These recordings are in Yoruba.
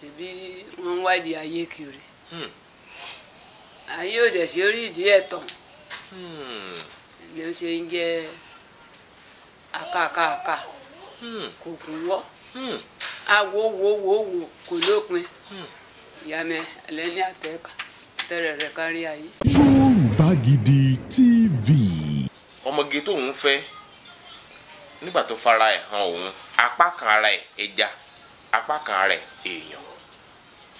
ṣèbí wọ́n ń wádìí ayé kiri hmm. ayé ò dẹ̀ ṣe rí ìdí ẹ̀ tán ni hmm. ó ṣe ń jẹ́ akákaaka hmm. kò kún wọ́ awowowowo kò lópin ìyàmẹ lẹ́ni àtẹ́ka tẹ́rẹ̀ rẹ̀ kárí ayé. Yorùbá Gidi TV. ọmọge tó ń fẹ́ nígbà tó fara ẹ̀ hàn òun apá kan ara ẹ̀ ẹja apá kan ara ẹ̀ èèyàn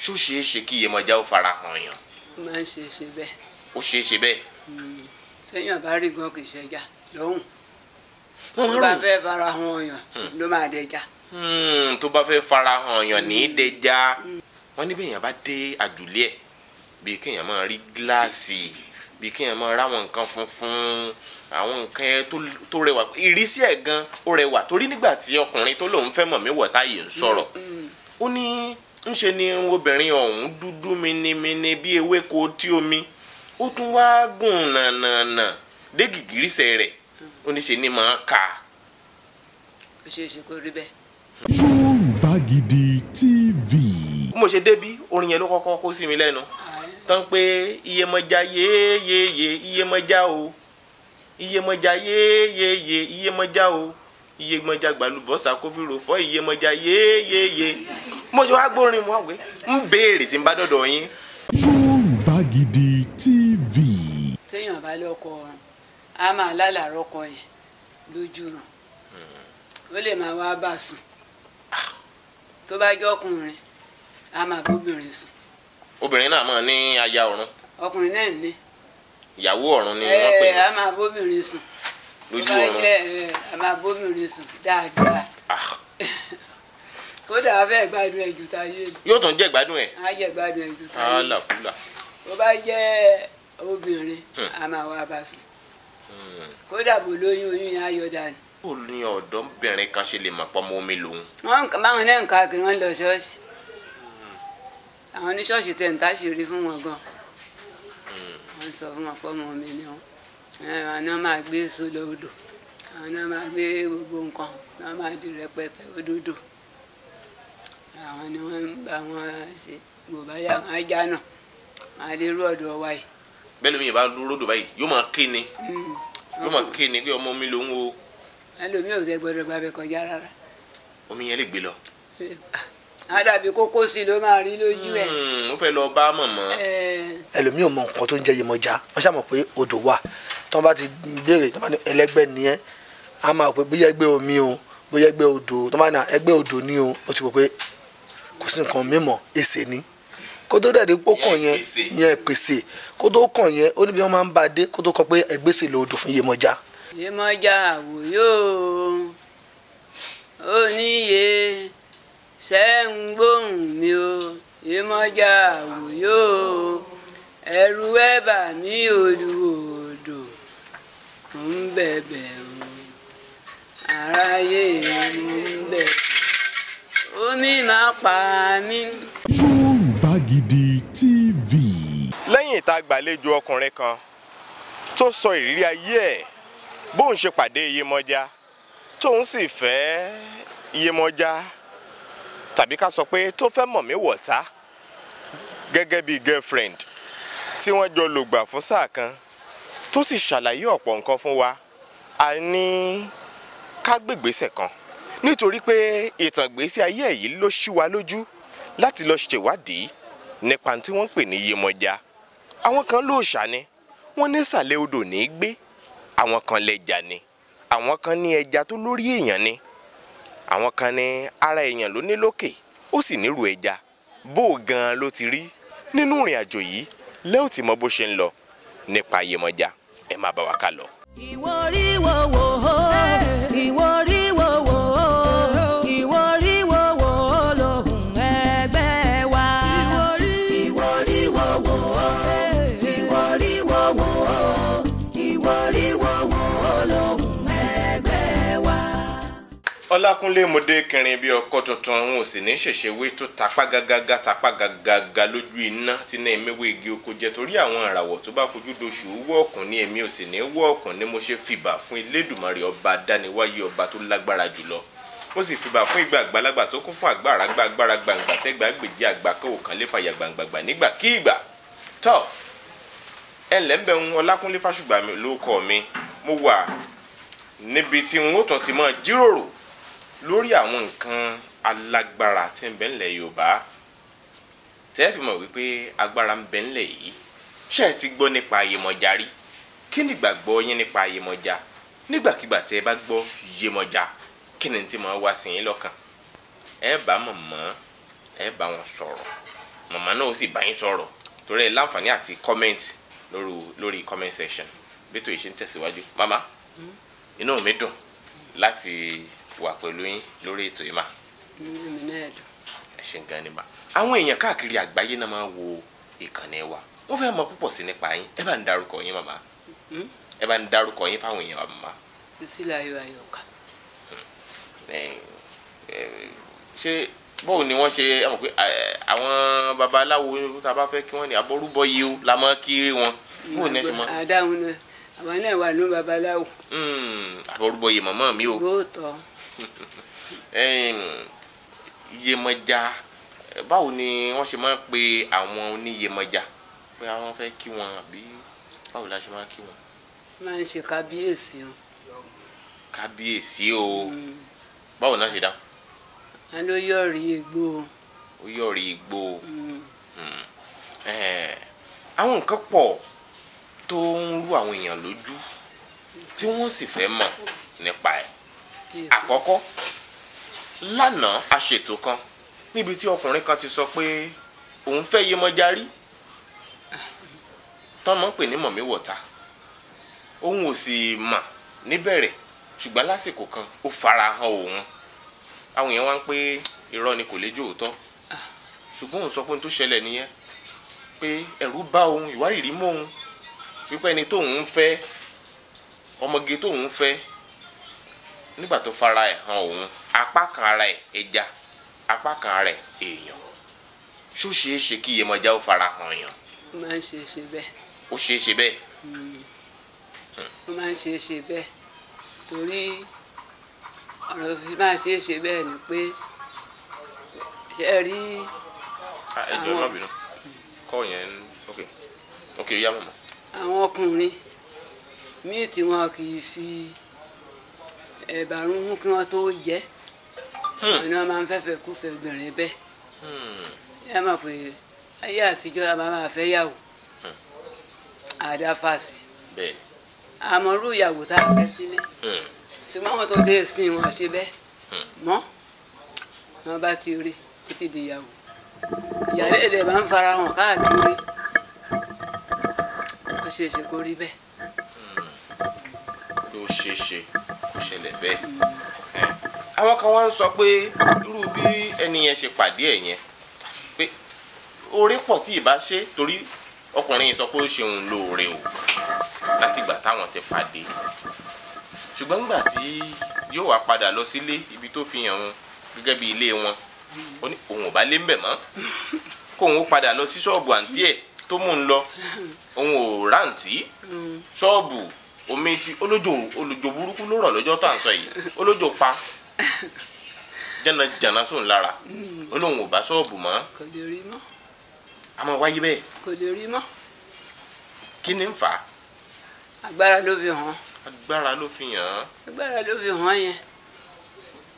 ṣó ṣeé ṣe kí Yemọja ó fara hàn yàn. ó máa ń ṣe ṣe bẹ́ẹ̀. ó ṣeé ṣe bẹ́ẹ̀. sẹ́yìn hmm. àbárí gan kì í ṣẹja lọ́hùn hmm. hmm, tó bá fẹ́ fara hàn yàn ló máa dẹja. tó bá fẹ́ fara hàn yàn ní í dẹja wọ́n ní bẹ́ẹ̀ yẹn bá dé àjùlé ẹ̀ bí kéèyàn máa rí gíláàsì bí kéèyàn máa ráwọn nǹkan funfun àwọn nǹkan ẹ tó rẹwà ìrísí ẹ̀ gan ó rẹwà torí nígbà tí ọkùnrin tó lòun fẹ́ mọ̀ mí wọ̀ táyé ń sọ̀rọ̀ ó ní ńṣe ni obìnrin ọ̀hún dúdú minimini bí ewéko tí omi ó tún wá gùn nànànà dé gìgírísẹ̀ rẹ̀ oníṣe ni màá kà á. ó ṣeé ṣe kó rí bẹ́ẹ̀. Yorùbá Gidi TV. bí mo ṣe débí orin yẹn ló kọ́kọ́ kó sí mi lẹ́nu tán pé iyemọja yéyeye iyemọja o iyemọja yéyeye iyemọja o iyemọja gbàlúbọ̀sà kófìrò fọ́ iyemọja yéyeye. mo ṣe wá gbórin mu àwẹ ń béèrè tí n bá dọ̀dọ̀ yín. Yorùbá Gidi TV. téèyàn bá ọkọ a máa lálàárọ̀ ọkọ yẹn lójú ràn hmm. ó lè máa wá bá sùn tó bá ọkùnrin a máa bóbìnrin sùn. obìnrin náà máa ní aya ọ̀run. ọkùnrin náà ní. ìyàwó ni pè é. a máa bóbìnrin sùn. lójú kódà abẹ́ ìgbádùn ẹ̀ jù tá a yé mi. yóò tún jẹ́ ìgbádùn ẹ̀. a jẹ́ ìgbádùn ẹ̀ jù a yé mi. alakula. bó bá jẹ́ obìnrin hmm. a máa wá bá sùn hmm. kódà bò lóyún oyún yẹn á yọ dànù. bó ni ọ̀dọ́bìnrin kan ṣe lè mọ̀ pọ́ mọ́ omi lòun. wọ́n báwọn náà ń ka kiri wọ́n lọ ṣọ́ọ̀ṣì àwọn oníṣọ́ọ̀ṣì tẹ̀ ń tá ṣeré fún wọn gan hmm. wọ́n sọ fún wọn pọ́ mọ́ omi ni wọn àwọn náà máa gbé sólò odò àwọn náà máa gbé gbogbo nǹkan náà máa di rẹpẹpẹ òdodo àwọn ni wọ́n bá wọn ṣe gbòòbá yà wọn ajá náà wọn á dé rú ọ̀dọ̀ yìí. bẹ́ẹ̀ ni mi ìbá ròdò báyìí yóò máa ké ni hmm. yóò máa ké ni pé ọmọ mi ló ń wo. ẹlòmíì ò sẹ gbọ́dọ̀ gbàbẹ kọjá rárá. omi yẹn lè gbé lọ àdàbí kókó sí ló máa rí lójú ẹ. Hmm, mo fẹ́ lọ bá mọ̀mọ́. ẹlòmíì ò mọ nǹkan tó ń jẹ yemọja wọ́n ṣàmọ̀ pé odò wà tí wọ́n bá ti béèrè tí wọ́n bá ní ẹlẹ́gbẹ́ ni ẹ́ máa pè bóyá ẹgbẹ́ omi o bóyá ẹgbẹ́ odò tí wọ́n bá ní ẹgbẹ́ odò ni o ó ti wò pé kò sí nǹkan mímọ̀ èsè ni kó tó dẹ̀ dé pó yẹn yẹn pèsè kó tó kàn yẹn ó níbi wọn máa ń bá a dé kó tó kọ pé ẹgbẹ́sẹ̀ lè odò fún Yemọja. Yemọja àwòyó oníye ṣẹ́ ń gbóhùn mi o Yemọja àwòyó ẹ̀rù ẹ̀ bà mí ń bẹ̀bẹ̀ o aráyé mo ń onílápàání. Yorùbá Gidi TV. lẹ́yìn ìta gbàlejò ọkùnrin kan tó sọ ìrírí ayé ẹ̀ bóun ṣe pàdé Yemọja tóun sì fẹ́ Yemọja tàbí ká sọ pé tó fẹ́ mọ̀ mí wọ̀ta gẹ́gẹ́ bí girlfriend tí wọ́n jọ lògbà fún sáà kan tó sì ṣàlàyé ọ̀pọ̀ nǹkan fún wa a ní ká gbégbèsè kan nítorí pé ìtàngbésí ayé èyí ló ṣú wa lójú láti lọ ṣèwádìí nípa tí wọ́n pè ní Yemọja àwọn kan lóòṣà ni wọ́n ní ìsàlẹ̀ odò ní í gbé àwọn kan lẹja ni àwọn kan ní ẹja tó lórí èèyàn ni àwọn kan ní ara èèyàn ló ní lókè ó sì nírú ẹja bó gan ló ti rí nínú ìrìn àjò yìí lẹ́ ò ti bó ṣe ń lọ nípa Yemọja ẹ máa bá wa ká lọ. ìwọ orí wo wo Kúnlé Mọdé kẹrin bí ọkọ tuntun òun ò sì ní ṣẹ̀ṣẹ̀ wé tó tapá gàgàgà tapá gàgàgà lójú iná tí náà ẹ̀mẹ́wé igi oko jẹ torí àwọn ìràwọ̀ tó bá fojú doṣù wọ́ ọ̀kùn ní èmi ò sì ní wọ́ ọ̀kùn ni mo ṣe fìbà fún Elédùmarè ọba dániwáyé ọba tó lágbára jùlọ mo sì fìbà fún ìgbà àgbàlagbà tó kún fún àgbàrá gbàgbára gbàǹgbà tẹ́gbà gbèjì àgbà kó òkan lè fàyà gbàǹgbàǹgbà nígbà kí ìgbà tọ́ ẹ ń Ọlákúnlé Fásùgbà mi mi mo wà níbi tí n ó tún ti máa jíròrò lórí àwọn nǹkan alágbára tí ń bẹ ńlẹ̀ Yorùbá tẹ́ fi mọ̀ wípé agbára ń bẹ ńlẹ̀ yìí ṣé ẹ ti gbọ́ nípa Yemọja rí kí ni ìgbàgbọ́ yín nípa Yemọja nígbàkigbà tẹ́ ẹ bá gbọ́ Yemọja kí ni tí mo wá sí yín lọ́kàn ẹ bá mọ̀mọ́ ẹ bá wọn sọ̀rọ̀ mọ̀mọ́ náà ó sì bá yín sọ̀rọ̀ torí ẹ láǹfààní àti comment lórí comment section bí tó yìí ṣe ń tẹ̀síwájú mama inú mi dùn láti wà pẹ̀lú yín lórí ètò yìí mà. inú mi náà dùn. ẹ ni mà àwọn èèyàn káàkiri àgbáyé náà máa ń wo ìkànnì wa wọ́n fẹ́ mọ púpọ̀ sí nípa yín ẹ bá ń darúkọ yín màmá hmm? ẹ bá ń darúkọ yín fáwọn èèyàn màmá. títí láyọ̀ àyọ̀ká. Hmm. ṣé bóun ni wọ́n ṣe ẹ mọ̀ pé tá a bá fẹ́ kí wọ́n ní aborúbọ yìí o la máa kí wọn bóun ní ẹ ṣe àdáhùn náà àwọn náà wà ní babaláwo. Hmm, aborúbọ yìí màmá mi o. Yemọja báwo ni wọ́n ṣe máa ń pe àwọn oníyemọja pé àwọn fẹ́ kí wọn àbí báwo la ṣe máa ń kí wọn. máa ń ṣe kábíyèsí o. kábíyèsí o mm. báwo náà ṣe dá. a ló yọrí igbó. ó yọrí igbó. Mm. Hmm. àwọn nǹkan pọ̀ tó ń rú àwọn èèyàn lójú tí wọ́n sì fẹ́ mọ̀ nípa ẹ̀ àkọ́kọ́ lánàá a ṣètò kan níbi tí ọkùnrin kan ti sọ pé òun fẹ́ Yemọja rí tọ́mọ ń pè ní mọ̀mí wọ̀ta òun ò sì mọ̀ níbẹ̀rẹ̀ ṣùgbọ́n lásìkò kan ó fara hàn òun àwọn èèyàn wá ń pé irọ́ ni kò lè jó òótọ́ ṣùgbọ́n òun sọ pé ohun tó ṣẹlẹ̀ nìyẹn pé ẹ̀rù bá òun ìwárìrì mọ́ òun wípé ẹni tóun ń fẹ́ ọmọge tóun ń fẹ́ nígbà tó fara ẹ̀ hàn òun apá kan ara ẹ̀ ẹja apá kan ara ẹ̀ èèyàn ṣó ṣeé ṣe kí Yemọja ó fara hàn èèyàn. ó máa ń ṣe é ṣe bẹ́ẹ̀. ó ṣe é ṣe bẹ́ẹ̀. Hmm. ó máa ń ṣe é ṣe bẹ́ẹ̀ torí ọ̀rọ̀ fi máa ṣe é ṣe bẹ́ẹ̀ ni pé ṣe rí ah, àwọn kọ́ yẹn ok ok yá mọ̀mọ́. àwọn ọkùnrin míì tí wọn kì í fi ẹ̀bà rúnrún kí wọ́n tó jẹ hmm. ọ̀nà máa ń fẹ́fẹ́ kúfẹ́ obìnrin bẹ́ẹ̀ hmm. ẹ máa pè ayé àtijọ́ a máa fẹ́ yàwó hmm. àdáfàsì àmọ́rú ìyàwó tá a fẹ́ sílé ṣùgbọ́n wọn tó dé sí wọn ṣe bẹ́ẹ̀ mọ́ wọn bá ti rí ó ti di ìyàwó ìyàlẹ́ èdè máa ń fara hàn káàkiri ó ṣeé ṣe kó rí bẹ́ẹ̀. ló ṣeé ṣe ṣẹlẹ̀ bẹ́ẹ̀ àwọn kan wá ń sọ pé irú bí ẹni yẹn ṣe pàdé ẹ̀ yẹn pé oore pọ̀ tí ì bá ṣe torí ọkùnrin yìí sọ pé ó ṣeun lóore o látìgbà táwọn ti pàdé ṣùgbọ́n nígbà tí yóò wá padà lọ sílé ibi tó fi hàn wọn gẹ́gẹ́ bí ilé wọn ó ní òun ò bá lé ń bẹ̀ mọ́ kóun ó padà lọ sí ṣọ́ọ̀bù àǹtí ẹ̀ tó mú un lọ òun ò ráǹtí ṣọ́ọ̀bù omi ti olójó olójó burúkú ló rọ̀ lọ́jọ́ tá à ń sọ yìí olójó pa jẹ́nà jẹ́nà sóun lára olóhùn hmm. ò bá ṣọ́ọ̀bù mọ́ kò lè rí mọ́ àmọ́ wáyé bẹ́ẹ̀ kò lè rí mọ́ kí ni ń fà á. agbára ló fi hàn. agbára ló fi hàn. agbára ló fi hàn yẹn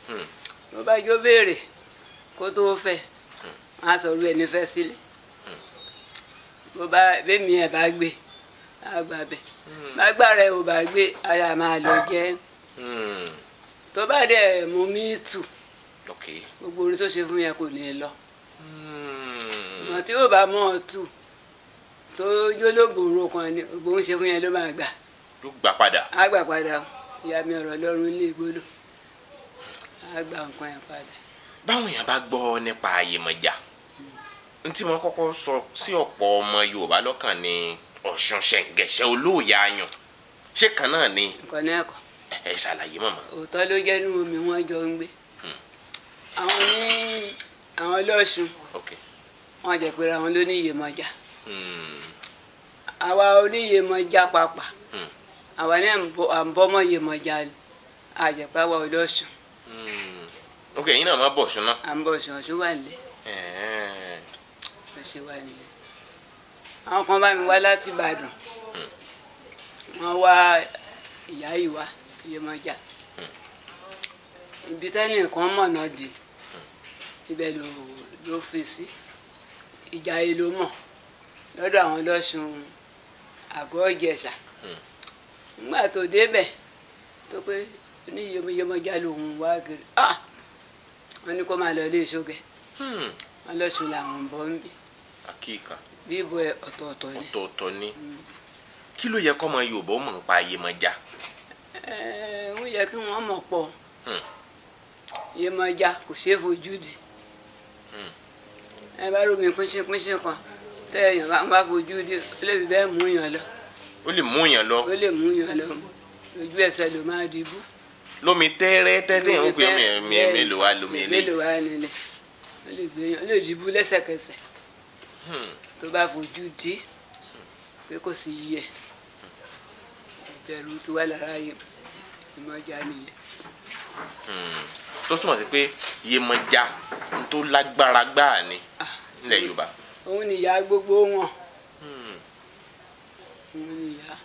ló hmm. bá jó béèrè kó tó fẹ́ máa hmm. sọ̀rọ̀ ẹni fẹ́ sílẹ̀ bó bá bẹ́ẹ̀ mi ẹ̀ bá gbé àgbàbẹ̀ gbàgbàrà ò bá gbé ara máa lọ jẹ́ hmm. tó bá dẹ̀ mú mi tù gbogbo orin tó ṣe fún yẹn kò ní lọ hmm. ọ̀nà tí ò bá mọ̀ ọ́ tù tó jólógbòòrò kan ni ògbóhùn ṣe fún yẹn ló máa gbà ló gbà padà á gbà padà ìyá mi ọ̀rọ̀ lọ́rùn ilé ìgbóló á gbà nǹkan yẹn padà. báwọn èèyàn bá gbọ́ nípa àyèmọ̀jà hmm. ntí wọn kọ́kọ́ sọ sí ọ̀pọ̀ ọmọ Yorùbá lọ́kàn ni ọ̀ṣun ṣẹ̀ǹgẹ̀ṣẹ̀ olóòyà ayàn ṣé kan náà ni. nǹkan náà kọ. ẹ ṣàlàyé màmá. òótọ́ ló jẹ́ inú omi wọn jọ ń gbé. Hmm. àwọn ní àwọn lọ́sùn wọn jẹ pé àwọn ló ní Iyemọja hmm. àwa oníyèmọjà pàápàá hmm. àwa náà à ń bọ́mọ Iyemọja ni àjẹpá wa ọlọ́sùn. ok yín náà máa bọ̀ ṣùnà. à ń bọ̀ ṣùnà ṣùn wà nílẹ̀. ẹ ṣe wà nílẹ̀ àwọn kan bá mi wá láti Ìbàdàn hmm. wọ́n wá ìyá ìwá Yemọja hmm. ibi tẹ́ni nǹkan mọ̀nà di hmm. ibẹ̀ ló ló fi sí ìjà yìí ló mọ̀ lọ́dọ̀ àwọn lọ́sùn àgọ́ Ìjẹ̀ṣà nígbà tó débẹ̀ tó pé ní Yemọja lòun wá kiri ah wọ́n ní kó máa lọ ilé ìṣógẹ wọ́n lọ́sùn làwọn bọ́ ń bì. akíkan bíbo ẹ ọ̀tọ̀ọ̀tọ̀ ni. ọ̀tọ̀ọ̀tọ̀ ni mm. kí ló yẹ kọ́mọ Yorùbá mọ̀ nípa Yemọja. ẹ ẹ ó yẹ kí wọ́n mọ̀ pọ̀ hmm. Yemọja kò ṣeé fojú di hmm. ẹ bá rómi pínṣínpínṣín kan tẹ èèyàn bá ń bá fojú di ó lè fi bẹ́ẹ̀ mú yàn lọ. ó lè mú yàn lọ. ó lè mú yàn lọ ojú ẹsẹ̀ ló máa dìbò. lómi tẹ́rẹ́ tẹ́tẹ́ ń pè mí mélòó wá lómi eléyìí. mélòó wá nílẹ̀ ó lè dìbò lẹ́sẹ̀kẹsẹ̀. Hmm tó bá fojú di pé kò sí yẹ ìbẹ̀rù tó wà lára Yemọja nìyẹn. Hmm. tó túmọ̀ sí pé Yemọja tó lágbára gbáà ni ah, nílẹ̀ Yorùbá. òun nìyá gbogbo wọn. Hmm. òun nìyá.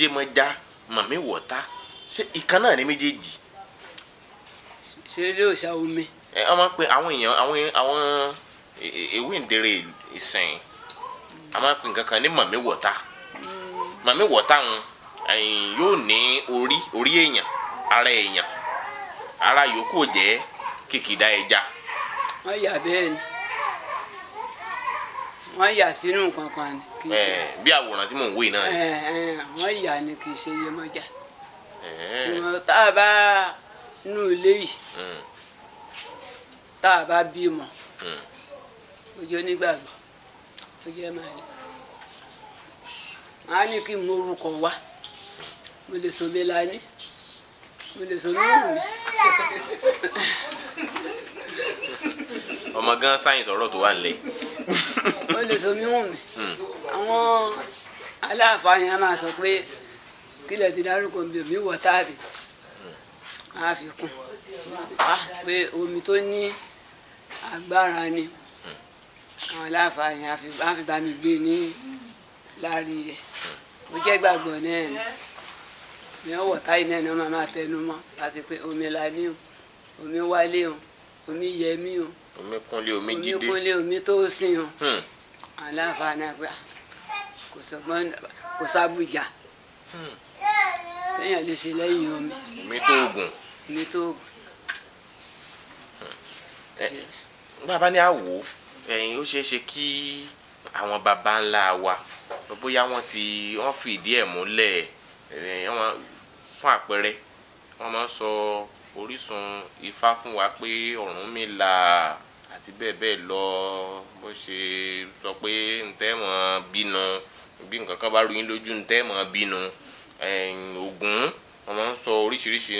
Yemọja màmí wọ̀ta ṣé ìkan náà ni méjèèjì. ṣe lóòṣà omi. ẹ ọmọ pé àwọn èèyàn àwọn àwọn. ewendere ìdèrè a máa pè nǹkan wota ní màmí wọ̀tá màmí yóò ní ara èèyàn ara yòókù jẹ́ kìkìdá ẹja. ya. yà bẹ́ẹ̀ ni wọ́n yà sínú ni kì í ṣe. Eh, bí àwòrán tí mò ń wò náà ni. Eh, eh, wọ́n yà ni kì í ṣe Yemọja. tá a bá nù ilé yìí hmm. ojú onígbàgbọ́ ojú ẹ máa rí màá ní kí n mú orúkọ wá mo lè sọ Mélání mo lè sọ lóòrùn. ọmọ gan sáyẹnsì ọ̀rọ̀ tó wà nílẹ̀. mo lè sọ míhùn mi hmm. àwọn aláàfáà máa sọ pé kílẹ̀ ti dárúkọ mi mi wọ̀ táàbì máa fi kún pé omi tó ní agbára ni àwọn láàfáà yẹn á fi bá mi gbé ní láàrin yẹn mo jẹ́ gbàgbọ́ náà ni mi ò wọ̀ táyì náà ni wọ́n máa tẹnu mọ́ láti pé omi la o omi wálé o omi yẹmí o omi kúnlé omi jíde omi kúnlé omi tó sìn o hmm. àwọn láàfáà náà gbà kò sọgbọ́n kò sábùjà hmm. téèyàn lè ṣe lẹ́yìn omi. omi tó oògùn. omi tó oògùn. Hmm. Eh, bàbá ni a ẹ̀yin ó ṣeé ṣe kí àwọn baba ńlá wa bóyá wọ́n ti wọ́n fìdí ẹ̀ múlẹ̀ fún àpẹẹrẹ wọ́n máa ń sọ orísun ifá fún wa pé Ọ̀rúnmìlà àti bẹ́ẹ̀ bẹ́ẹ̀ lọ bó ṣe sọ pé ntẹ́ mọ̀ bínú bí nǹkan kan bá rú yín lójú ntẹ́ mọ̀ bínú Ògún wọ́n máa ń sọ oríṣiríṣi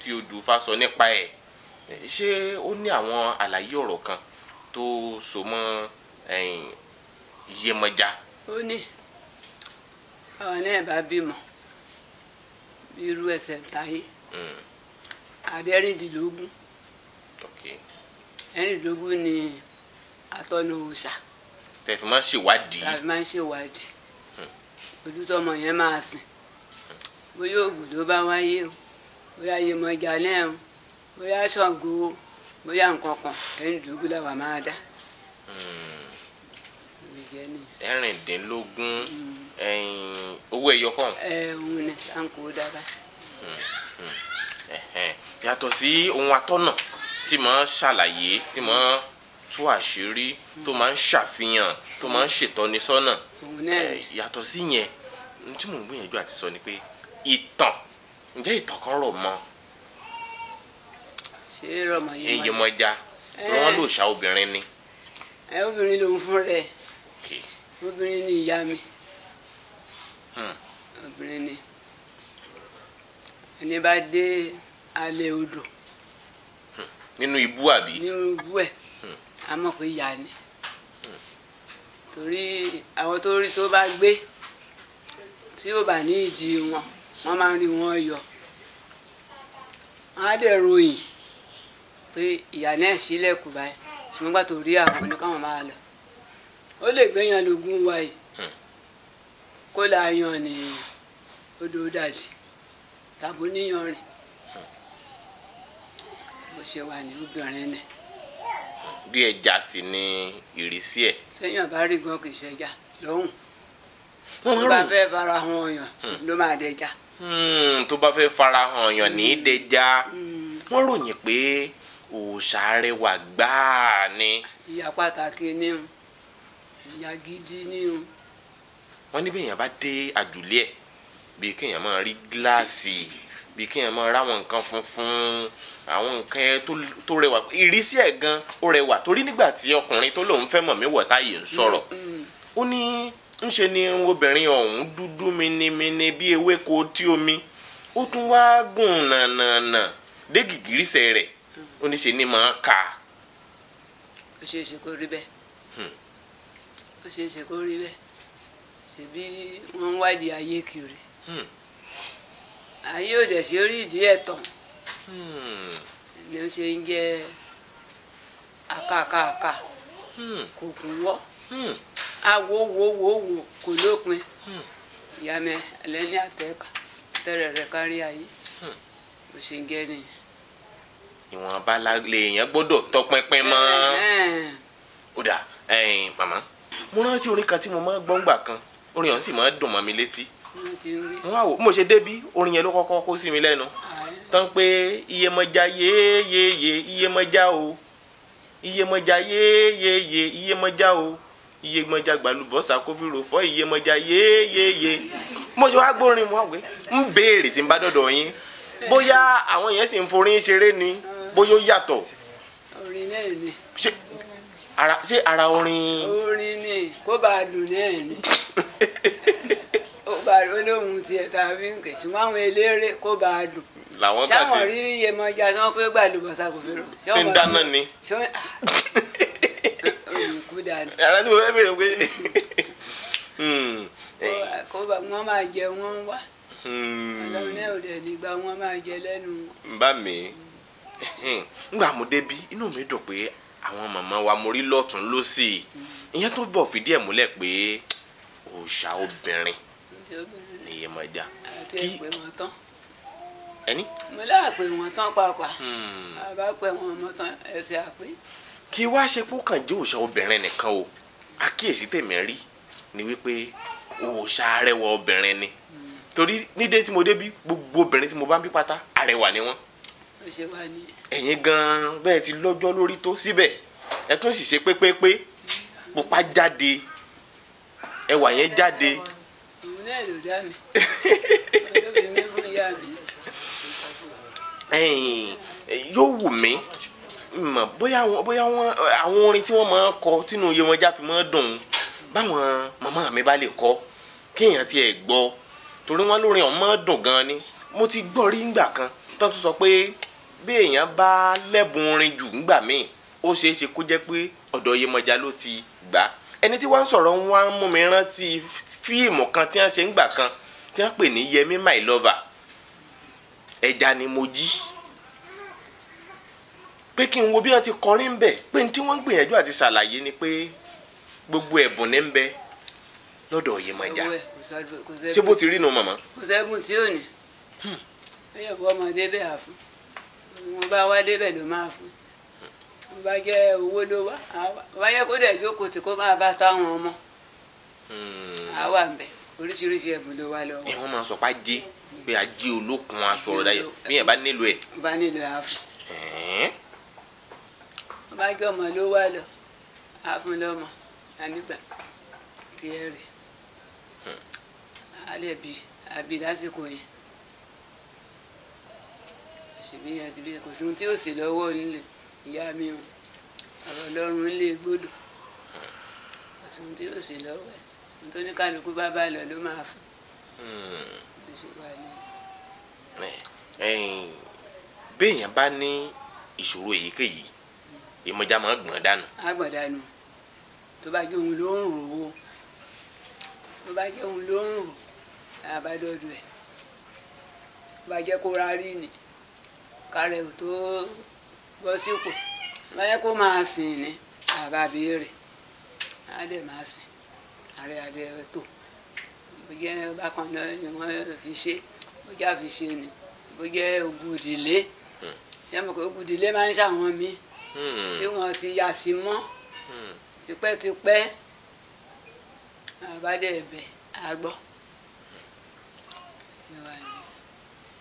tí odù Ifá sọ nípa ẹ̀ ṣé ó ní àwọn àlàyé ọ̀rọ̀ kan tó so mọ́ Yemọja. ó ní àwọn náà bá bímọ irú ẹsẹ̀ táyé hmm. àbí ẹ̀rìndínlógún ẹ̀rìndínlógún ni atọ́nu òòṣà. tẹ̀fí máa ń ṣèwádìí. tẹ̀fí máa ń ṣèwádìí hmm. olùtọ́mọ yẹn máa sìn hmm. bóyá ògùn ló bá wáyé o bóyá Yemọja náà o bóyá Ṣàngó o bóyá nǹkan kan ẹ̀ ń dùgbò làwọn máa dá. Hmm. ẹ̀rìndínlógún hmm. owó ẹyọ kan. ẹ òun ni o dábàá. Hmm, yàtọ̀ sí ohun atọ́nà tí mo ń ṣàlàyé tí mo ń tú àṣírí tó máa ń ṣàfihàn tó máa ń ṣètọ́nisọ́nà yàtọ̀ sí yẹn tí mò ń gbìyànjú àti sọ ni pé ìtàn ǹjẹ́ ìtàn kan rọ̀ mọ́ Yemọja wọn lò ṣá obìnrin ni. ẹ obìnrin lòun fún rẹ obìnrin ni ìyá mi hmm. obìnrin ni ẹni bá dé alẹ́ odò. Hmm. nínú ibú àbí. nínú ibú ẹ hmm. a mọ̀ pé ìyá ni torí àwọn tó rí tó bá gbé tí ò bá ní ìdí wọn wọn máa ń rí wọn yọ wọn á dẹ̀ ròyìn pé ìyá náà sílẹ̀kùn báyìí ṣùgbọ́n gbà tó rí àwọn ní káwọn máa lọ ó lè gbẹ̀yàn lógún wa yìí hmm. kó la yan ní odò dàdí tàbí níyan rìn hmm. bó ṣe wà ní obìnrin náà. bí ẹja sì ni ìrísí ẹ. sẹ́yìn àbá rí gan kì ṣẹja lọ́hùn hmm. tó bá fẹ́ fara hàn ọ̀yàn ló máa dẹja. tó bá fẹ́ fara hàn ọ̀yàn ní í dẹja wọ́n ròyìn pé òòṣà rẹwà gbáà ni. ìyá pàtàkì ni o ìyá gidi ni o. wọ́n ní bí èèyàn bá dé àjùlé ẹ̀ bíi kéèyàn máa rí gíláàsì bíi kéèyàn máa ráwọn nǹkan funfun àwọn nǹkan ẹ tó rẹwà ìrísí ẹ̀ gan ó rẹwà torí nígbà tí ọkùnrin tó lòun fẹ́ mọ̀ mí wọ̀ táyé ń sọ̀rọ̀ mm, mm. ó ní ńṣe ni obìnrin ọ̀hún dúdú minimini bí ewéko tí omi ó tún wá gùn nànànà dé gìgírísẹ̀ rẹ̀ oníṣe ni màá kà á. ó ṣeé ṣe kó rí bẹ́ẹ̀ hmm. ó ṣeé ṣe kó rí bẹ́ẹ̀ ṣebí wọ́n ń wádìí ayé kiri hmm. ayé ò dẹ̀ ṣe rí ìdí ẹ̀ tán ni hmm. ó ṣe ń jẹ́ akáàkáàká kò kún wọ́ awowowowo kò lópin ìyá mi lẹ́ni àtẹ́ka tẹ́rẹ̀ rẹ̀ kárí ayé ó ṣe ń jẹ́ nìyẹn ìwọ̀nba lálẹ́ èèyàn gbọ́dọ̀ tọpinpin mọ́ ó dà màmá mo rántí orin kan tí mo máa ń gbọ́ngbà kan orin ọ̀hún sì máa ń dùn mọ́ mi létí wọ́n á wò bí mo ṣe débí orin yẹn ló kọ́kọ́ kó sí mi lẹ́nu tán pé iyemọja yéyeye iyemọja o iyemọja yéyeye iyemọja o iyemọja gbàlúbọ́sà kófìrò fọ́ iyemọja yéyeye mo ṣe wá gbórin mo wá wé ń béèrè tí n bá dọ̀dọ̀ yín bóyá àwọn yẹn sì ń forin ṣeré ni bóyá ó yàtọ̀. orin náà ni. ṣé ara ṣé ara orin. orin ni kó bá a dùn náà ni ó bá a lóhùn tiẹ̀ tàbí nǹkan ṣùgbọ́n àwọn eléré kó bá a dùn làwọn kà sí. sáwọn rírí Yemọja tí wọn pé gbàlúbọsà kò fẹ́ràn. ṣé ń dáná ah, ni. ara tí mo fẹ́ bèrè pé. Hmm. kó bá wọn máa jẹ wọn wá. Hmm. ọlọ́run náà ò dẹ̀ nígbà wọn máa jẹ lẹ́nu. bá mi. Mm. Hmm. ngbà mo débi inú mi dùn pé àwọn màmá wa mo rí lọ́tún lọ́sì ìyẹn tó bọ̀ fìdí ẹ̀ múlẹ̀ pé òòṣà obìnrin ni Yemọja kí ẹni. mo láà pé wọn tán pàápàá àbá hmm. pé wọn mọ tán ẹsẹ àpé. kí wá ṣe pé ó kàn jẹ́ òòṣà obìnrin nìkan o àkíyèsí tèmi rí ni wípé òòṣà arẹwà obìnrin ni hmm. torí ní dé tí mo débi gbogbo obìnrin tí mo bá ń bí pátá arẹwà ni wọ́n ẹ̀yin gan-an bẹ́ẹ̀ ti lọ́jọ́ lórí tó síbẹ̀ ẹ tún sì ṣe pépépé pupa jáde ẹwà yẹn jáde. yóò wù mí mọ̀ bóyá bóyá àwọn orin tí wọ́n máa ń kọ tínú iye wọn já fi máa ń dùn báwọn màmá mi bá lè kọ kéèyàn tiẹ̀ gbọ́ torí wọn lórin ọ̀hún máa ń dùn gan-an ni mo ti gbọ́ rí ngbà kan tó tún sọ pé bí èèyàn bá lẹ́bùn orin jù ńgbà míì ó ṣeé ṣe kó jẹ́ pé ọ̀dọ̀ Yemọja ló ti gbà ẹni tí wọ́n ń sọ̀rọ̀ ń wá ń mú mi rántí fíìmù kan tí wọ́n ṣe ńgbà kan tí wọ́n pè ní Yemi my lover ẹja ni mo jí pé kí n wo bí wọ́n ti kọrin ń bẹ̀ pé tí wọ́n ń gbìyànjú àti ṣàlàyé ni pé gbogbo ẹ̀bùn ní ń bẹ lọ́dọ̀ Yemọja ṣé bó ti rí nu màmá. kò sẹ́gun tí ò ní. ó yẹ kó ọmọdé bẹ́ẹ̀ fún wọn bá wá débẹ̀ ló máa fún wọn bá jẹ́ owó ló wá wáyé kó dẹ̀ jókòó tí kó máa bá táwọn ọmọ àwa ń bẹ oríṣiríṣi ẹ̀bùn ló wá lọ́wọ́. ẹ wọ́n máa sọ pé ajé pé ajé olókun aṣọ ọ̀rọ̀ dayọ̀ bí ẹ̀ bá nílò ẹ̀. bá nílò àfọ̀ bá jẹ́ ọmọ ló wá lọ àfún lọ́mọ ànígbà tí ẹ rè hmm. alẹ́ bíi àbí lásìkò yẹn ṣèbí adìrẹ kò sí ohun tí yóò ṣe lọ́wọ́ nílé ìyá mi o ọ̀rọ̀ ọlọ́run ilé gbódò kò sí ohun tí yóò ṣe lọ́wọ́ ẹ̀ nítorí kálukú bá bá lọ ló máa fún un hmm. ṣe wà ní. Eh, eh, béèyàn bá ní ìṣòro èyíkéyìí ìmọ̀já máa gbọ̀n dànù. á gbọ̀n dànù tó bá jẹ́ òun ló ń rò ó tó bá jẹ́ òun ló ń rò àbádọ́dọ̀ ẹ̀ tó bá jẹ́ kó rárí ni kárẹ̀ ò tó bọ́ sípò lọ́yẹ́ kó máa sìn ní àbá béèrè adé máa sìn ààrẹ adé tó bó jẹ́ bákan náà ni wọ́n fi ṣe bó jẹ́ àfiṣe ni bó jẹ́ ogun ìdílé yẹ́n mọ̀ pé ogun ìdílé máa ń ṣàwọn mí hmm. tí wọ́n ti yà sí mọ́ hmm. tipẹ́tipẹ́ àbádé ẹ̀bẹ̀ àgbọ̀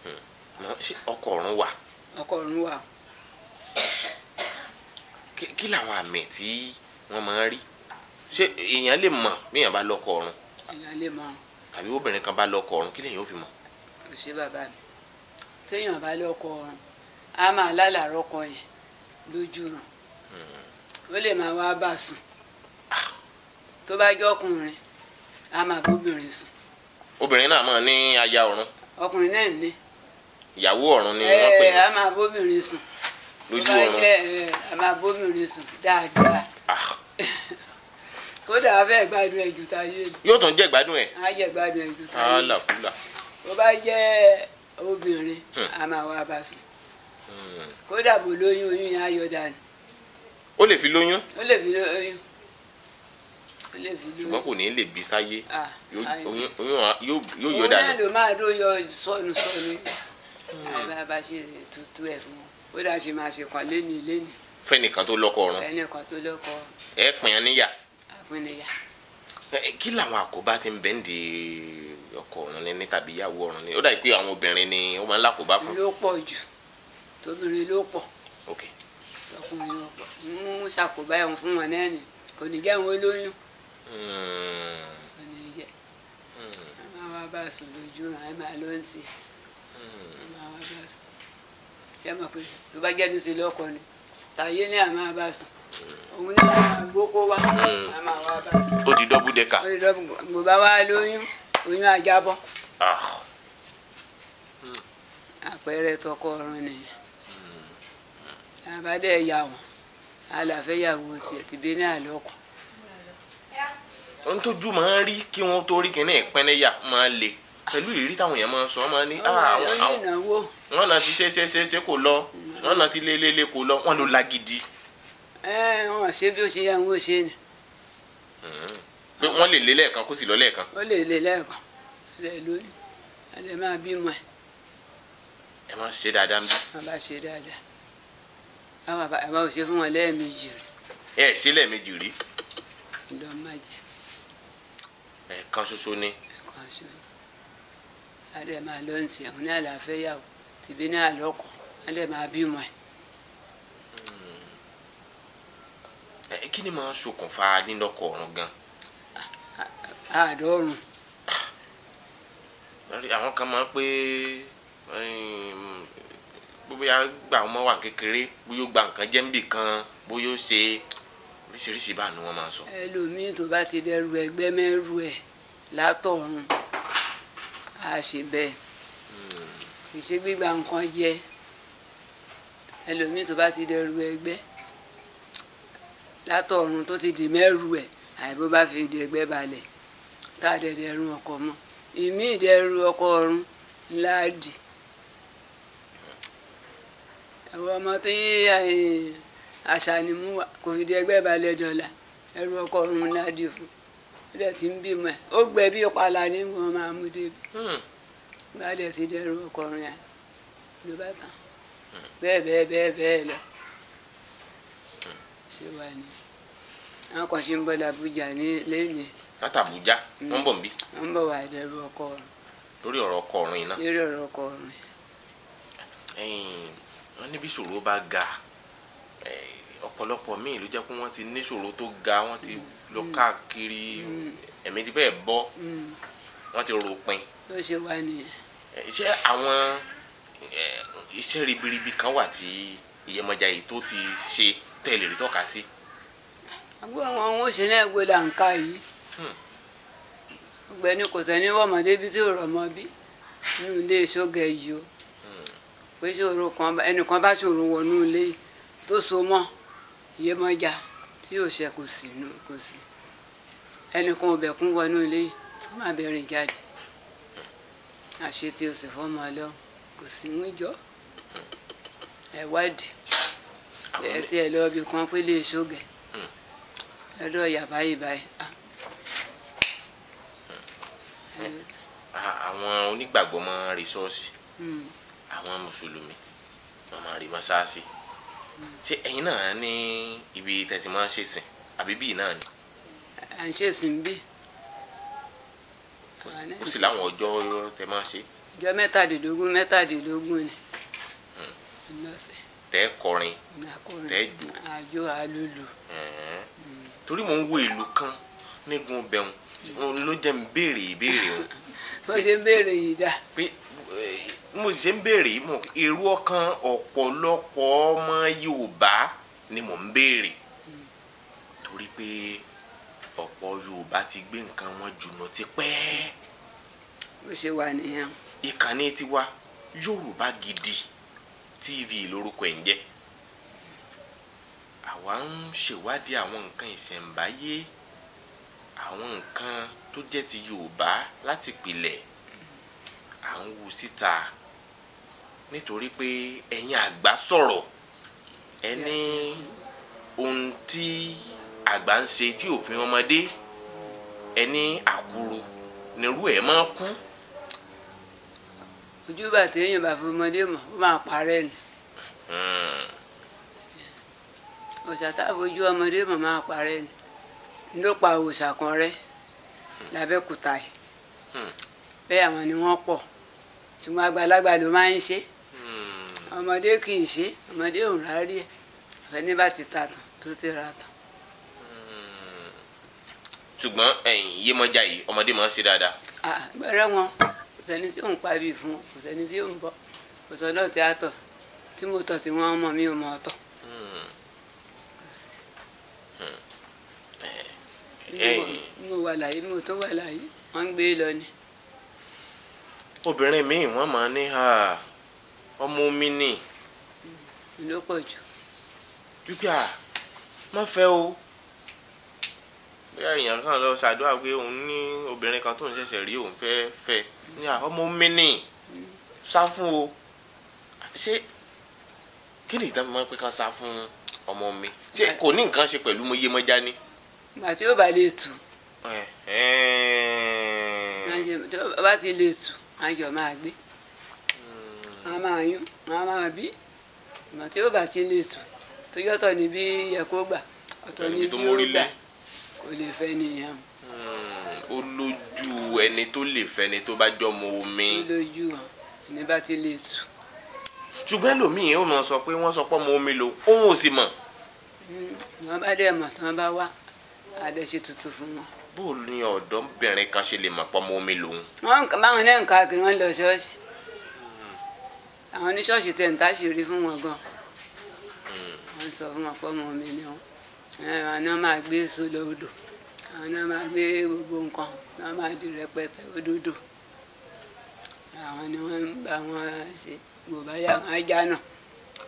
hmm. ọkọ̀ ọ̀run wà. ọkọọrun wà. kí làwọn àmì tí wọn máa ń rí ṣé èèyàn lè mọ̀ bí èèyàn bá lọ́kọ ọ̀run. èèyàn lè mọ̀. tàbí obìnrin kan bá lọ́kọ kí lèèyàn ó fi mọ̀. kò bàbá mi téèyàn bá lọ́kọ máa yẹn lójú ràn hmm. ó lè máa wá sùn tó bá ní aya ọkùnrin náà ní. ìyàwó ọ̀run ni wọ́n pè é. Eh, a máa bóbìnrin sùn lójú ọ̀run eh, a máa bóbìnrin sùn dáadáa ah. kódà a fẹ́ gbádùn ẹ̀ ju táyé ni. yóò tún jẹ́ gbádùn ẹ̀. a jẹ́ gbádùn ẹ̀ ju táyé ni. alakula. bó bá jẹ́ obìnrin hmm. a máa wá bá sùn hmm. kódà bó lóyún oyún yẹn á yọ dànù. ó lè fi lóyún. o lè fi lóyún ṣùgbọ́n kò ní lè bí sáyé ah, yóò yọ dànù. òun náà ló máa dó yọ sọnù sọnù bàbá ah, ṣe tutù ẹ̀ fún wọn ó dà ṣe máa ṣe kàn léni léni. fẹ́nìkan tó lọ́kọ ọ̀run. ẹnìkan tó lọ́kọ. ẹ pín a níyà. àpín níyà. kí làwọn àkóbá ti ń bẹ́ ń di ọkọ ọ̀run ni tàbí ìyàwó ọ̀run ni ó dà pé àwọn obìnrin ni ó máa ń lákòóbá fún. ló pọ̀ jù tóbìnrin ló pọ̀. ok. ọkùnrin ló pọ̀ mú ṣàkóbá ẹ̀hún fún wọn náà ni kò ní jẹ́ àwọn olóyún. Hmm. kò ní jẹ́ àwọn hmm. bá sùn lójú ràn án máa ló ń tiẹ̀ ṣe mọ̀ pé tó bá jẹ́ níṣe lọ́kọ ni tàyé ní àmọ́ abá sùn òun ní àwọn gbókó wa hmm. àmọ́ àwọn abá sùn. ó di dọ́bù dẹ́ka. ó di dọ́bù gbò bá wá lóyún oyún àjábọ̀. Ah. Hmm. àpẹẹrẹ tọkọ ọrùn nìyẹn àbádẹ́ hmm. ẹ̀yà wọn aláfẹ́yàwó tiẹ̀ ti bí ní àlọ́kọ̀. ohun tójú máa ń rí kí wọ́n tó rí kinní ìpínlẹ̀ yà máa le pẹ̀lú ìrírí táwọn èèyàn máa ń sọ wọ́n máa ní ah, wọ́n náà ti ṣe ṣe ṣe ṣe kò lọ wọ́n náà ti lé lé lé kò lọ wọ́n ló lágídí. ẹ wọn ṣe bí ó ṣe yẹ wọn ṣe ni. Hmm. pé wọ́n lè lé lẹ́ẹ̀kan kó sì lọ lẹ́ẹ̀kan. ó lè lé lẹ́ẹ̀kan lè lórí ẹ máa bínú ẹ. ẹ máa ṣe dáadáa mi. a bá ṣe dáadáa àwọn àbá ò ṣe fún wọn lẹ́ẹ̀mejì rí. ẹ ẹ ṣe lẹ́ẹ̀mejì rí. ìdánmájẹ. ẹ̀ẹ̀kan ṣoṣo ni. ẹ̀ẹ̀kan ṣoṣo ni á dẹ̀ máa lọ nsìn òun náà là á fẹ́ yàwó tìbí náà lọ́kọ̀ á dẹ̀ máa bímọ ẹ̀. Hmm. Eh, kí ni máa ń ṣokùnfà nílọ́kọ̀ ọ̀run gan. àádọ́rùn. àwọn kan máa ń pé ehm, bóyá gbà wọn wà kékeré bóyá gba nǹkan jẹ́ níbì kan bóyá ṣe oríṣiríṣi báà ni wọ́n máa sọ. ẹlòmíín tó bá ti dẹrù ẹgbẹ́ mẹ́rù ẹ̀ látọ̀run a ṣe bẹ́ẹ̀ kì í ṣe gbígba nǹkan jẹ ẹlòmíì tó bá ti dẹrù ẹgbẹ́ látọ̀run tó ti dì mẹ́rù ẹ̀ àìbó bá fi di ẹgbẹ́ balẹ̀ tá a dẹ̀ dẹrù ọkọ̀ mọ́ ìmí ìdẹrù ọkọ̀ ọ̀run láàdì àwọn ọmọ tí àṣà ni mú wa kò fi di ẹgbẹ́ balẹ̀ dọ̀la ẹrù ọkọ̀ ọ̀run láàdì fún un. ilẹ̀ tí ń bímọ ó gbẹ bí ìpalà ní wọn máa mú débi gbàdẹ̀ ti dẹrù ọkọrin ló bá tán bẹẹ bẹẹ bẹẹ lọ ṣé wà ní àwọn kan ṣe ń bọ̀ làbújá ní lẹ́yìn. nbí. Hmm, ọkọ ọrụ lórí ọrụ ọkọ ọ̀run yìí lórí ọkọ ga ọpọlọpọ míì ló pé ga lọ káàkiri ẹ̀mí ti fẹ́ẹ̀ bọ́ wọ́n ti ròpin. ló ṣe wá nìyẹn. ṣé àwọn iṣẹ́ ribiribi kan wà tí Iyemọja yìí tó ti ṣe tẹ́lẹ̀ rí tọ́ka sí. àgbo àwọn ohun ṣe náà gbé làǹkà yìí ọ̀gbẹ́ni hmm. kò sẹ́ni wọ́mọdé bí tí ò rọ̀ bí nínú ilé ìṣógẹ yìí o hmm. pé ṣòro kan ẹnìkan bá ṣòro wọnú ilé tó so mọ́ Iyemọja tí yóò ṣe kò sí inú kò sí ẹnìkan ọbẹ̀ kún wọnú ilé tó máa bẹ̀rẹ̀ jáde àṣẹ tí o sì fọ́mọ lọ kò sí ń jọ ẹ wádìí ẹ tí ẹ lọ ibi kan pé lè ṣógẹ lọ́dọ̀ ìyá báyìí báyìí. àwọn onígbàgbọ́ máa ń rí ṣọ́ọ̀ṣì hmm. àwọn mùsùlùmí wọ́n máa ń rí mọ́ṣáàṣì ṣé ẹ̀yin náà ní ibi tẹ̀sí máa ń ṣèsìn àbí bíi náà ni. à ń ṣèsìn bí. ó sì láwọn ọjọ́ tẹ máa ṣe. ọjọ́ mẹ́tàdínlógún mẹ́tàdínlógún ni. Hmm. tẹ́ kọrin tẹ́ jò. àjò àlùlù. Hmm. torí mò ń wo ìlú kan nígun bẹ̀rùn ló jẹ́ mi béèrè ìbéèrè o. mo ṣe béèrè yìí dá mo ṣe ń béèrè mo èrò ọkàn ọ̀pọ̀lọpọ̀ ọmọ Yorùbá ni mò ń béèrè torí pé ọ̀pọ̀ Yorùbá ti gbé nǹkan wọn jùnà ti pẹ́. bó ṣe wà nìyẹn. ìkànnì tiwa Yorùbá Gidi TV lórúkọ ẹ̀ ń jẹ́ àwa ń ṣèwádìí àwọn nǹkan ìṣẹ̀ǹbáyé àwọn nǹkan tó jẹ́ ti Yorùbá láti pilẹ̀ à ń wú síta. Si nítorí pé ẹ̀yin àgbà sọ̀rọ̀ ẹ ní ohun tí àgbà ń ṣe tí òfin ọmọdé ẹ ní àkúrú nírú ẹ̀ máa kú. ojúbà téèyàn bá fún ọmọdé mọ̀ ó máa parẹ́ ni òòṣà hmm. táfojú ọmọdé mọ̀ máa parẹ́ ni ló pa òòṣà kan rẹ́ lábẹ́kúta yìí hmm. bẹ́ẹ̀ àwọn ni wọ́n pọ̀ ṣùgbọ́n àgbàlagbà ló máa ń ṣe ọmọdé kì í ṣe ọmọdé ò rárí ẹ ẹni bá ti ta tán tó ti ra tán. Hmm. ṣùgbọ́n ẹ̀yìn Yemọja yìí ọmọdé máa ń ṣe dáadáa. gbẹ́rẹ́ wọn kò sẹ́ni tí ò ń parí fún wọn kò sẹ́ni tí ò ń bọ́ kò sọ́dọ̀ tí a tọ̀ tí mo tọ̀ tí wọ́n mọ̀ mí ò mọ̀ ọ̀tọ̀. Hmm. Hmm. mo wà láyé mo tó wà láyé wọ́n ń gbé lọ ni. obìnrin míì wọ́n máa ń ní ọmọ omi ni. ló pọ̀ jù. dúkìá má fẹ́ o bóyá èèyàn kan lọ ṣàdúrà pé òun ní obìnrin kan tó ń ṣẹ̀ṣẹ̀ rí òun fẹ́ fẹ́ ní ọmọ omi ni sá fún o ṣé kí ni ìtàn máa ń pè kan sá fún ọmọ mi ṣé kò ní nǹkan ṣe pẹ̀lú mo yé mọ́já ni. ìgbà tí ó bá lè tù. tí ó bá ti lè tù àjọ máa gbé a máa yún a máa bí ìmọ̀ tí ó bá ti lè sùn tó yọ̀tọ̀ ní bí yẹ kó gbà ọ̀tọ̀ ní bí ó gbà kò lè fẹ́ nìyẹn hmm, ó lójú ẹni tó lè fẹni tó bá jọmọ omi. ó lójú ẹni bá ti lè sùn. ṣùgbọ́n ẹlòmíì ó mọ̀ sọ pé wọ́n sọ pé ọmọ omi lò òun ò sì mọ̀. Hmm, wọ́n bá dẹ̀ mọ̀ tí wọ́n bá wá adé ṣe tuntun fún wọn. bó o ní ọ̀dọ́bìnrin kan ṣe lè mọ̀ pé ọmọ omi lòun. wọ́n báwọn náà ń káàkiri wọ́n lọ ṣọ́ọ̀ṣì àwọn oníṣọ́ọ̀ṣì tẹ̀ ń táṣìírí fún wọn gan hmm. wọ́n sọ fún wọn pọ́ mọ́ mi ni wọn àwọn náà máa gbé èso lọ odò àwọn náà máa gbé gbogbo nǹkan náà máa di rẹpẹpẹ òdòdó àwọn ni wọ́n ń bá wọn ṣe gbòòbá yà wọn ajá náà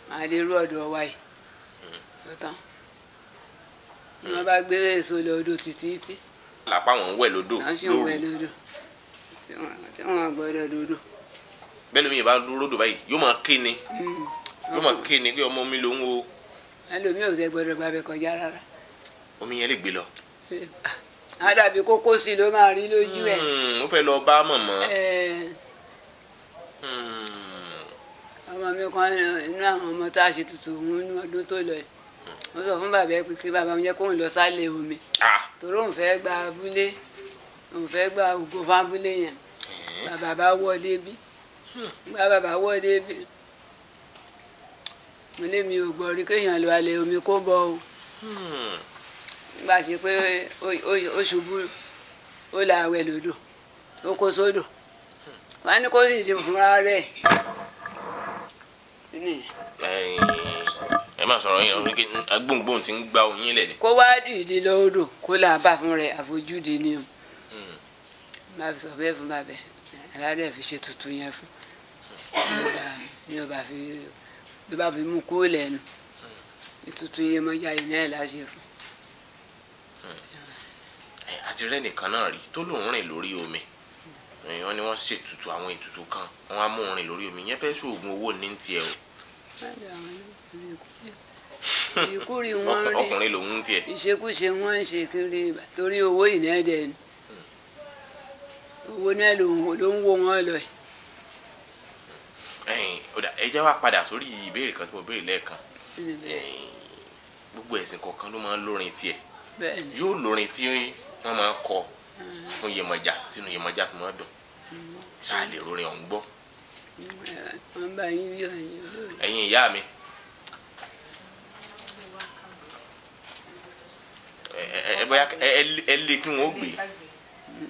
máa dé irú ọ̀dọ̀ wa yìí lọ́tàn hmm. ni wọ́n bá gbé èso lọ odò títí títí. làpá wọn ń wẹ̀ lódò lóru tí wọ́n gbọ́dọ̀ lódò bẹ́ẹ̀ lómi ìbá ròdò báyìí yóò máa ké ni mm. yóò máa ké ni pé ọmọ mi lòun o. ẹlòmíì ò sẹ gbọ́dọ̀ gba abẹ kọjá rárá. omi yẹn lè gbé lọ. àdàbí kókó sí ló máa rí lójú ẹ. ó hmm, fẹ́ lọ bá mọ̀mọ́. Hmm. ọmọ mi kan inú àwọn ọmọ tá a ṣe tutù òun ní ọdún tó lọ yìí wọ́n sọ fún bàbá ẹ pé bàbá mi jẹ́ kóun lọ sálẹ̀ omi ah. torí òun fẹ́ gba abúlé òun fẹ́ gba ògùn fábúlé yẹn eh. bàbá bá wọlé bí gba hmm. bàbá wọlé bí mo lé mi ò gbọ́ rí kéèyàn lo alẹ́ omi kó bọ́ o hmm. nígbà tí pé ó ṣubú ó la àwẹ̀ lódò ó kó sódò hmm. wọn ní kó sì ti fúnra rẹ̀. ẹ máa sọ̀rọ̀ yín lọ́wọ́ kí ti ń gba oyin lẹ̀ ni. kó wá dìde lọ́wọ́ kó là bá fún rẹ̀ àfojúdi ni o máa fi sọ bẹ́ẹ̀ fún bàbá aládé fi ṣe tuntun yẹn fún ní ọba fi bí bá fi mú kó lẹ́nu tuntun yẹn mọ́ jáde náà láṣẹ fún. àti rẹ nìkan náà rí tó lóun rìn lórí omi wọn ni wọn ṣètùtù àwọn ètùtù kan wọn á mú òun rìn lórí omi yẹn fẹ́ sóògùn owó ní tiẹ̀ o ìkórè wọn rí ìṣekúṣe wọn ṣe kiri torí owó ìnẹ́dẹ̀ ni owó náà padà sórí ìbéèrè kan tí mo béèrè lẹ́ẹ̀kan gbogbo ẹ̀sìn kọ̀ọ̀kan ló máa ń lórin tiẹ̀ yóò lórin tí wọ́n máa ń kọ fún Yemọja sínú Yemọja fún wọn ṣáà lè rorin ọ̀hún gbọ́. ẹ̀yin ìyá mi ẹ bóyá ẹ lé kí wọn ó gbé.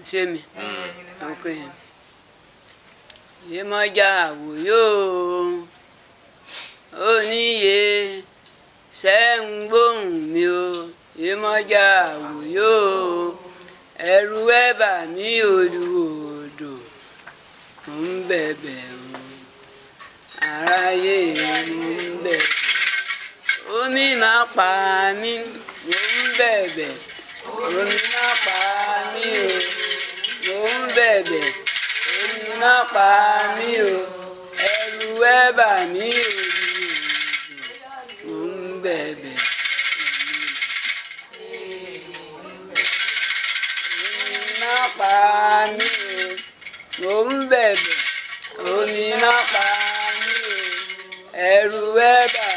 semi ok ìyèmọ́jà awuyo! oníyè ṣẹ́ ń mi o ìyèmọ́jà àwòyó ẹ̀rù ẹ̀ bà mí olùwòdò ń o omi pa mí mo omi pa mò ń bẹ̀bẹ̀ èmi má pa mí o ẹrù ẹ bà mí o mò ń bẹ̀bẹ̀. èmi pa mí o mò ń bẹ̀bẹ̀ omi má pa mí o ẹrù ẹ bà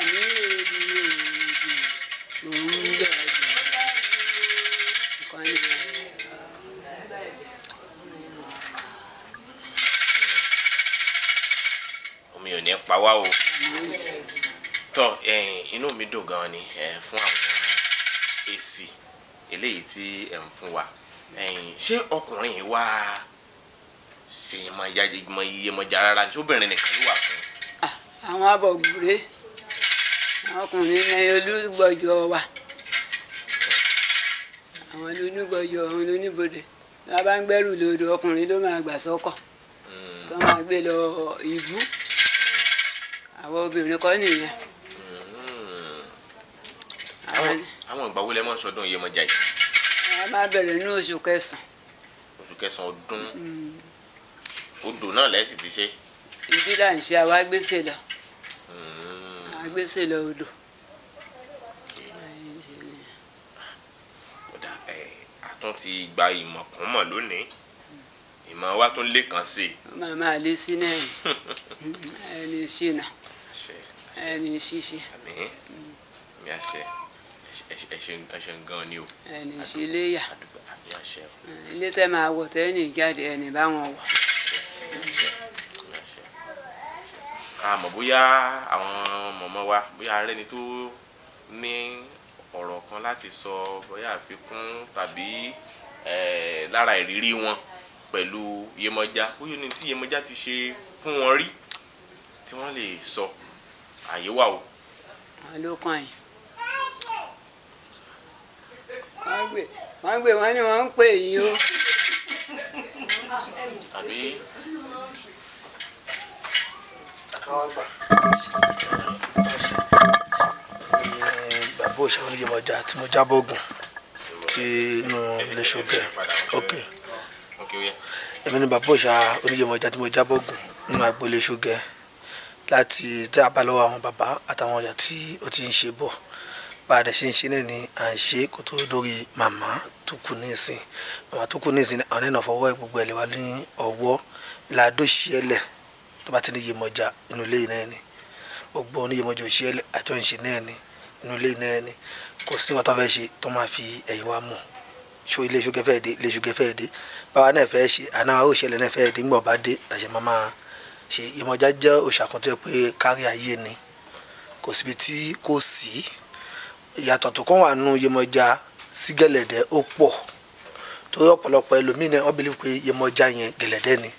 pa wá o tọ inú mi dùn gan ni fún àwọn èsì eléyìí tí ẹ ń fún wa ṣé ọkùnrin yìí wá ṣe mọ iyemọja rárá ní obìnrin nìkan ló wà fún. àwọn abọ̀gbùrẹ́ ọkùnrin ní olúgbọ̀jọ wa àwọn olúgbọ̀jọ àwọn oníbodè tí wọ́n bá ń gbẹ́rù lódò ọkùnrin ló máa gbà sọ́kọ̀ hmm. tó máa gbé lọ ìbú àwọn obìnrin kọ́ nìyẹn. àwọn ìgbà wo lẹ máa ń sọdún Yemọja yìí. a máa bẹ̀rẹ̀ ní oṣù kẹsàn-án. oṣù kẹsàn-án ọdún mm. odò náà lẹ́sìn ti ṣe. ìdí là ń ṣe àwa gbèsè lọ àgbèsè mm. lọ odò. tún ti gba ìmọ̀ kún mọ̀ lónìí ìmọ̀ wa tún lè kàn sí i. màmá àlè sí náà ẹ lè ṣe náà ẹni ṣíṣe. àmín mi àṣẹ ẹ ṣeun gan ni o. ẹni ṣe léyà ilé tẹ máa wọ tẹ́ni jáde ẹni báwọn wọ. àmọ́ bóyá àwọn mọ̀mọ́ wa bóyá arẹ́ni tó ní ọ̀rọ̀ kan láti sọ bóyá àfikún tàbí lára ìrírí wọn pẹ̀lú Yemọja bóyá ní tí Yemọja ti ṣe fún wọn rí tí wọ́n lè sọ. So àyè wà o. àlòkàn yìí wọ́n gbé wọ́n ní wọ́n ń pè yín o. àbí. bàbá òṣèlú oníyẹmọjà tí mo jábọ̀ ogun tí inú ilé ṣogbẹ ok èmi ni bàbá òṣèlú oníyẹmọjà tí mo jábọ̀ ogun nínú agboolé ṣogbẹ. Okay láti tí a bá lọ́wọ́ àwọn bàbá àtàwọn ọjà tí ó ti ń ṣe bọ̀ bá a dẹ̀ ṣe ń ṣe náà ni à ń ṣe kó tó dórí màmá tó kù ní ìsìn màmá tó kù ní ìsìn àwọn ẹ̀nà fọwọ́ ẹ̀ lè wá ní ọwọ́ làádó ṣiẹ́lẹ̀ tó bá ti ní Yemọja inú ilé náà ni gbogbo oníyemọja òṣìẹ́lẹ̀ àjọ ìṣe náà ni inú ilé náà ni kò sí wọn tó fẹ́ ṣe tó máa fi ẹ̀yìn wa mọ̀ ṣó ilé ṣúgẹ́fẹ́ dé ilé ṣúgẹ́fẹ́ dé báwa náà fẹ́ ṣe àná àwọn òṣìẹ́lẹ̀ náà fẹ́ dé ńgbọ̀n bá dé làṣẹ máa máa ṣe Yemọja jẹ́ òòṣà kan tó yẹ pé kárí ayé ni kò síbi tí kò sí ìyàtọ̀ tó kàn wà nù Yemọja sí gẹ̀lẹ̀dẹ́ ó pọ̀ torí ọ̀pọ̀lọpọ̀ ẹlòmíín náà wọ́n believe pé Yemọja yẹn gẹ̀lẹ̀dẹ́ ni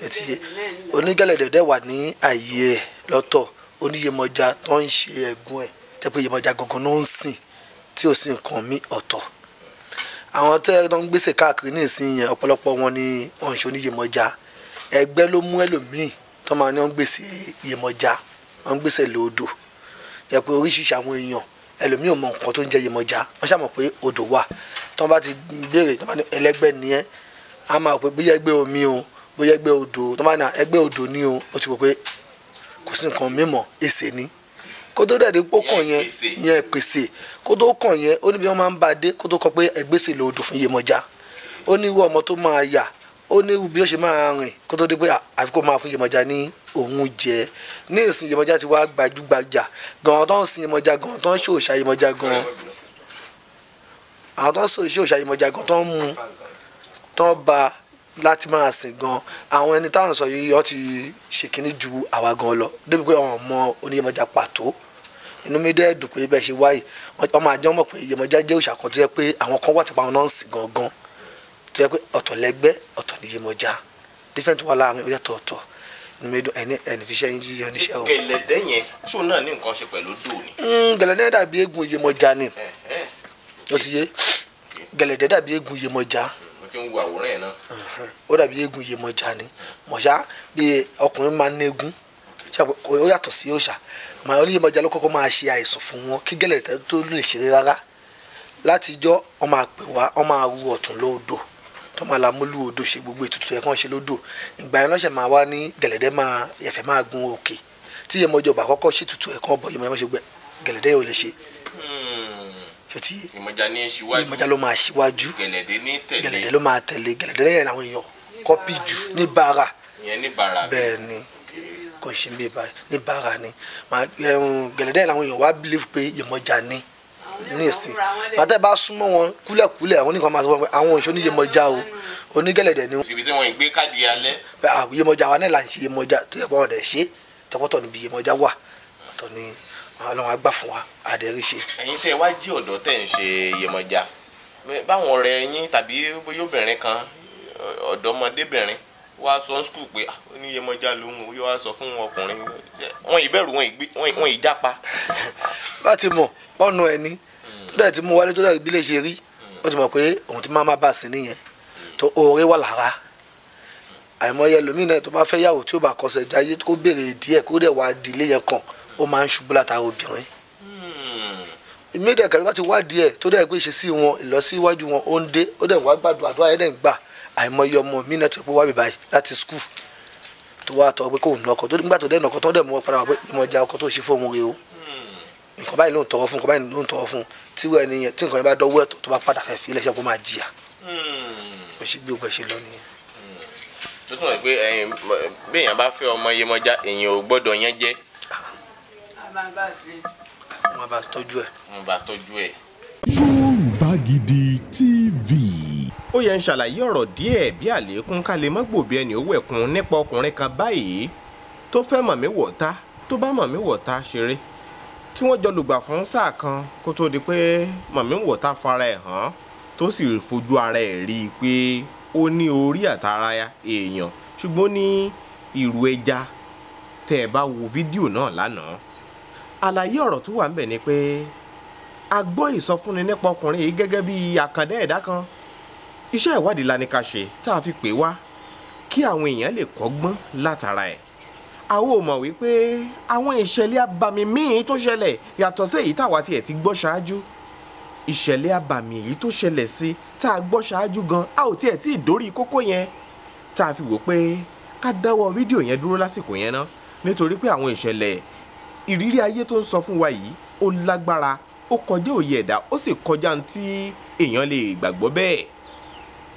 ṣètì onígẹ̀lẹ̀dẹ́ dẹ̀ wà ní àyè ẹ̀ lọ́tọ̀ oníyemọja tó ń ṣe ẹ̀gún ẹ̀ tẹ́ pé Yemọja gangan ló ń sìn tí ò sí nǹkan mí ọ̀tọ̀ àwọn tẹ́ ẹ ń gbèsè káàkiri ní ìsìn ọ̀pọ̀lọpọ̀ wọn ni wọ́n ń ṣe oníyemọja ẹgbẹ́ ló mú ẹlòmíì tó máa ní wọ́n gbèsè Yemọja wọ́n gbèsè lódò jẹ́ pé oríṣiríṣi àwọn èèyàn ẹlòmíì ò mọ nǹkan tó ń jẹ́ Yemọja wọ́n ṣàmọ̀ pé odò wà tó bá ti béèrè tó bá ní ẹlẹ́gbẹ́ ni ẹ́ á máa pé bóyá ẹgbẹ́ omi o bóyá ẹgbẹ́ odò tó bá ní ẹgbẹ́ odò ni o ó ti wò pé kò sí nǹkan mímọ́ èsè ni kó tó dẹ̀ di pó kàn yẹn yẹn pèsè kó tó kàn yẹn ó níbi wọn máa ń ba dé kó tó kọ pé ẹgbẹ́sẹ̀ lòdò fún Yemọja ó ní irú ọmọ tó máa yà ó ní bí ó ṣe máa rìn kó tó dé pé ah, àfi kó máa fún Yemọja ní òun jẹ ní ìsìn Yemọja ti wá gbajúgbajà gan-an tó ń sin Yemọja gan-an tó ń ṣòṣà Yemọja gan-an àwọn tó ń ṣòṣà Yemọja gan-an tó ń mu tó ń ba láti máa sìn gan àwọn ẹni táwọn sọ yìí ọ ti ṣe ju àwa gan lọ débi pé àwọn ọmọ oníyẹmọja pàtó inú mi dẹ́ pé bẹ́ẹ̀ ṣe wáyé ọmọ àjọ mọ̀ pé Yemọja jẹ́ òṣà kan pé àwọn kan wà tó pa àwọn náà ń sìn gangan tó yẹ pé ọ̀tọ̀ lẹ́gbẹ́ ọ̀tọ̀ níye mọ́já different wà láàrin ó yàtọ̀ ọ̀tọ̀ nínú ẹni ẹni fi ṣe ń yí oníṣẹ́ o. gẹ̀lẹ́dẹ́ yẹn ṣó náà ní nǹkan ṣe pẹ̀lú dò ni. Hmm, gẹ̀lẹ́dẹ́ dàbí eegun iyemọja ni ó ti yé gẹ̀lẹ́dẹ́ dàbí eegun iyemọja. mo ti ń wo àwòrán yẹn náà. ó dàbí eegun iyemọja ni mọ̀ṣá bí ọkùnrin máa ń négún ó yàtọ̀ sí òòṣà màá oníyemọja ló kọ́kọ́ máa ṣe àìsàn fún wọn kí gẹ̀lẹ́dẹ́ tó lè ṣeré rárá látijọ́ wọ́n máa pè wá wọ́n máa ru ọ̀tún lóòdò tó máa la múlù odò ṣe gbogbo ètùtù ẹ̀kan ṣe lódò ìgbà yẹn lọ́sẹ̀ máa wá ní gẹ̀lẹ́dẹ́ máa ẹ̀fẹ̀ máa gun òkè tí yẹn mọ́jọ́ bá kọ́kọ́ ṣe tutù ẹ̀kan ọbọ̀ yẹn máa ṣe gbẹ gẹ̀lẹ́dẹ́ yóò lè ṣe. Hmm. ṣètì ìmọ̀já ló máa ṣíwájú gẹ̀lẹ́dẹ́ ló máa tẹ̀lé gẹ̀lẹ́dẹ́ yẹn àwọn èèyàn kọ́pì jù ní bara bẹ́ẹ̀ ni kò ṣe bí ní bara ni gẹ̀lẹ́dẹ́ yẹn àwọn èèyàn wá believe pé ìmọ̀já ni. Hmm ní ìsìn bàtà bá súnmọ́ wọn kúlẹ̀kúlẹ̀ àwọn oníkan máa sọ pé àwọn ìṣó níye mọjá o onígẹ̀lẹ̀dẹ̀ ni. síbi tí wọ́n gbé káàdì alẹ́. iye ah, mọjá wa náà là ń ṣe iye mọjá tó yẹ kó ọ̀dẹ̀ ṣe tọpọ́tọ̀ níbi iye mọjá wà ọ̀tọ̀ ni ọlọ́run agbá fún wa àdẹ̀rí ṣe. ẹ̀yin tẹ́ wá jí ọ̀dọ́ tẹ́ ń ṣe iye mọjá báwọn ọ̀rẹ́ yín tàbí bóyá obìnrin kan ọ̀dọ́mọdébìnrin wá sọ ní skul pé ah, oníyẹmọjá lòun ò yọ wá sọ fún ọkùnrin wọn ìbẹ̀rù wọn ìjápa. bá ti mọ̀ ọ̀nà ẹ̀ ní tó dẹ̀ ti mú wálé tó dẹ̀ bí lè ṣe rí ó ti mọ̀ pé òun ti máa má bà sí nìyẹn tó oore wà lára àìmọye lómìnira tó bá fẹ́ yàwó tí ó bá kọsẹ̀ jáyé kó béèrè díẹ̀ kó dẹ̀ wá dílé yẹn kàn ó máa ń ṣubú látara obìnrin hmm. ìmídẹ̀ẹ̀kẹ́ bá ti wá díẹ̀ tó dẹ̀ gbé ìṣesí wọn ìlọsíwájú wọn ó ń dé ó dẹ̀ wá gbàdúrà àdúrà yẹn dẹ̀ ń gbà àìmọye ọmọ mi náà tó pé wá mi láti skul tó wá tọ pé kò ń tó nígbà tó dẹ̀ nọkọ tó dẹ̀ mú wọn padà wá pé ìmọ̀jà ọkọ tó ṣe fóun rèé o nǹkan báyìí ló ń tọwọ́ fún nǹkan báyìí ló ń tọwọ́ fún tí wọ́n ẹni yẹn tí nǹkan yẹn bá dọ́wọ́ ẹ̀tọ́ tó bá padà fẹ́ fi iléeṣẹ́ kó máa jìyà bó hmm. ṣe bí ogun ẹ̀ ṣe lọ nìyẹn. tó hmm. túnbọ̀ pé béèyàn bá fẹ́ ọmọ Yemọja èèyàn ò gbọ́dọ̀ yẹn jẹ́. wọ́n bá tọ́jú ẹ̀. wọ́n bá tọ́jú ẹ̀. Yorùbá Gidi TV ó yẹ ń ṣàlàyé ọ̀rọ̀ díẹ̀ bí àlékún ká lè má gbòbí ẹni owó ẹ̀kún nípa ọkùnrin kan báyìí tó fẹ́ mọ̀mí wọ̀ta tó bá mọ̀mí wọ̀ta ṣeré tí wọ́n jọ lùgbà fún sáà kan kó tó di pé mọ̀mí wọ̀tá fara ẹ̀ hàn tó sì fojú ara ẹ̀ rí i pé ó ní orí àtara èèyàn ṣùgbọ́n ní ìrù ẹja tẹ́ ẹ bá wo fídíò náà lánàá àlàyé ọ̀rọ̀ tó wà ń bẹ̀ ni pé a gbọ́ ìsọfúnni nípa ọkùnrin yìí gẹ́gẹ́ bí àkàndá ẹ̀dá kan iṣẹ́ ìwádìí la tá a fi pè wá kí àwọn èèyàn lè kọ́gbọ́n látara ẹ̀ àwọn ò mọ̀ wípé àwọn ìṣẹ̀lẹ̀ abàmì míì tó ṣẹlẹ̀ yàtọ̀ sí èyí táwa tiẹ̀ ti gbọ́ ṣáájú ìṣẹ̀lẹ̀ abàmì èyí tó ṣẹlẹ̀ sí tá a gbọ́ ṣáájú gan a ò tiẹ̀ tí ì dórí kókó yẹn tá a fi wò pé ká dáwọ́ fídíò yẹn dúró lásìkò yẹn ná nítorí pé àwọn ìṣẹ̀lẹ̀ ìrírí ayé tó ń sọ fún wa yìí ó lágbára ó kọjá òye ẹ̀dá ó sì kọjá tí èèyàn lè gbàgbọ́ bẹ́ẹ̀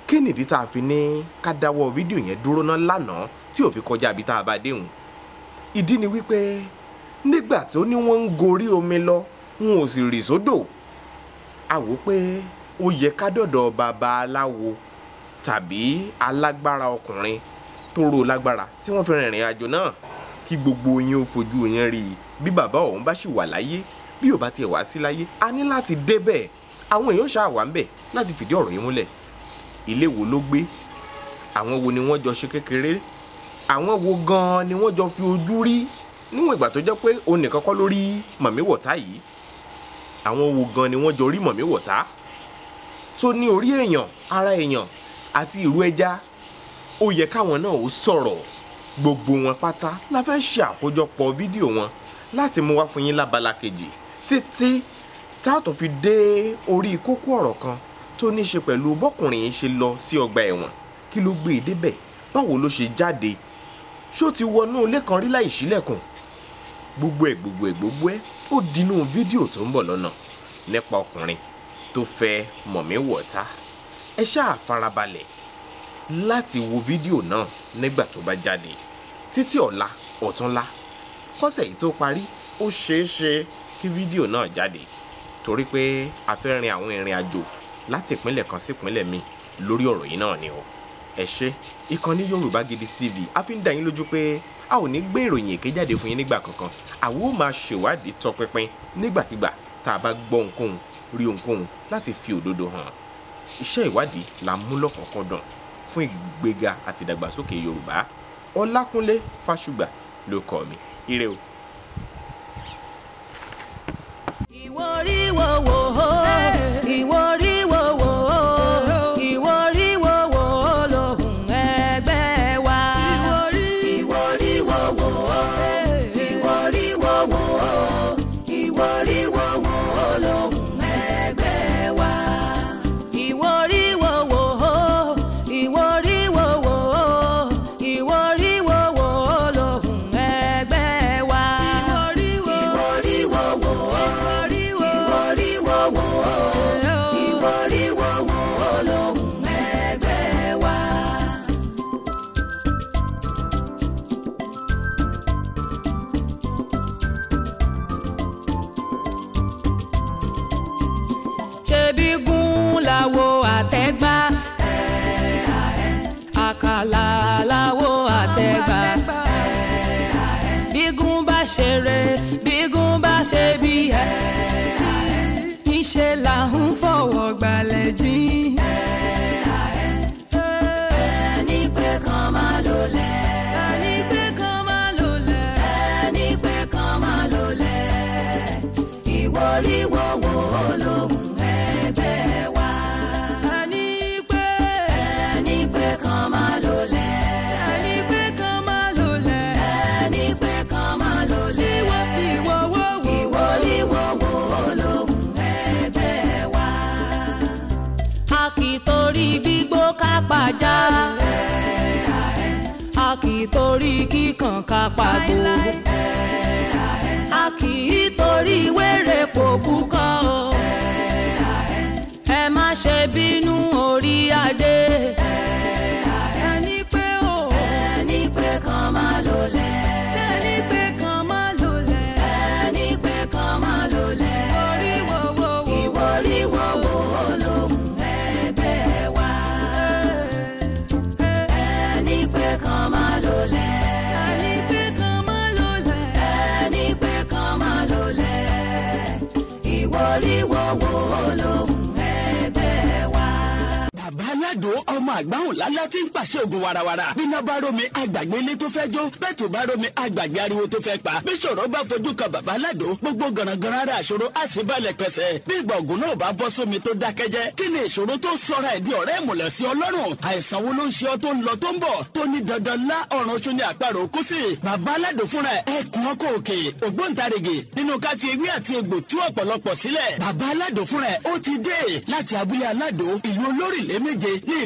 kí nìdí tá a fi ní ká dáwọ́ fídíò yẹn dúró ná lánàá tí ò fi kọjá ibi tá a bá déhùn ìdí ni wípé nígbà tó ní wọ́n ń gorí omi lọ wọn ò sì rì sódò a wò pé ó yẹ ká dọ̀dọ̀ babaláwo tàbí alágbára ọkùnrin tó ro lágbára tí wọ́n fi rìnrìn àjò náà kí gbogbo yín ó fojú yín rí i bí bàbá ọ̀hún bá sì wà láyé bí ò bá tiẹ̀ wá sí láyé a ní láti débẹ̀ àwọn èèyàn ṣáà wà ń bẹ̀ láti fìdí ọ̀rọ̀ yìí múlẹ̀ ilé wo ló gbé àwọn wo ni wọ́n jọ ṣe kékeré àwọn wo gan-an ni wọ́n jọ fi ojú rí níwọ̀n ìgbà tó jẹ́ pé òun nìkan kọ́ ló rí mọ̀mí wọ̀tá yìí àwọn wo gan-an ni wọ́n jọ rí mọ̀mí wọ̀tá tó ní orí èèyàn ara èèyàn àti ìrú ẹja ó yẹ káwọn náà ó sọ̀rọ̀ gbogbo wọn pátá la fẹ́ ṣe àkójọpọ̀ fídíò wọn láti mú wá fún yín lábala kejì títí tá a tún fi dé orí kókó ọ̀rọ̀ kan tó ní í ṣe pẹ̀lú bọ́kùnrin yìí ṣe lọ sí ọgbà ẹ̀wọ̀n kí ló gbé e débẹ̀ báwo ló ṣe jáde ṣó ti wọnú ilé kan rí láì ṣílẹ̀kùn gbogbo ẹ̀ gbogbo ẹ̀ gbogbo ẹ̀ ó dinú fídíò tó ń bọ̀ lọ́nà nípa ọkùnrin tó fẹ́ mọ̀mí wọ̀ọ́ta ẹ ṣáà farabalẹ̀ láti wo fídíò náà nígbà tó bá jáde títí ọ̀la ọ̀túnla kọ́sẹ̀ yìí tó parí ó ṣeé ṣe kí fídíò náà jáde torí pé a fẹ́ rin àwọn ìrìn àjò láti ìpínlẹ̀ kan sí ìpínlẹ̀ míì lórí ọ̀rọ̀ yìí náà ni o ẹ ṣe ìkànnì Yorùbá Gidi TV a fi ń dá yín lójú pé a ò ní gbé ìròyìn èké jáde fún yín nígbà kankan àwọn ò máa ṣèwádìí tọpinpin nígbàkigbà tá a bá gbọ́ ohunkóhun rí ohunkóhun láti fi òdodo hàn iṣẹ́ ìwádìí la mú lọ́kọ̀ọ̀kan fún ìgbéga àti ìdàgbàsókè Yorùbá Ọlákúnlé Fásùgbà ló kọ mi ire o. ìwọ orí wo wo ṣe là ń fọwọ́ gbalẹ̀ jìn. ẹni pé kan máa lò lẹ́. ẹni pé kan máa lò lẹ́. ẹni pé kan kàn ká pàgbó. a kì í torí wèrè pòkú kọ́ ọ. ẹ má ṣe bínú orí adé. àgbáhùn lálá tí ń pàṣẹ ògùn warawara bíná bá romi àgbàgbé ilé tó fẹ́ jó bẹ́ẹ̀ tó bá romi àgbàgbé ariwo tó fẹ́ pa bí sọ̀rọ̀ bá fojú kan bàbá aládò gbogbo gànàgànà ara àṣòro á sì balẹ̀ pẹ̀sẹ̀ bí ìgbà ògùn náà bá bọ́ sómi tó dákẹ́jẹ́ kí ni ìṣòro tó sọra ẹ̀ di ọ̀rẹ́ ìmùlẹ̀ sí ọlọ́run àìsàn wo ló ń ṣe ọ tó ń lọ tó ń bọ̀ tó ní dandan lá ọ̀run ṣu ni àparò kú sí bàbá ti dé láti abúlé aládò ìlú olórílẹ̀ méje ní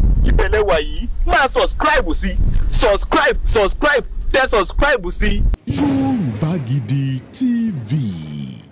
ìbẹ̀lẹ̀ wà yìí máa subscribe sí subscribe subscribe tẹ subscribe sí. Yorùbá Gidi TV.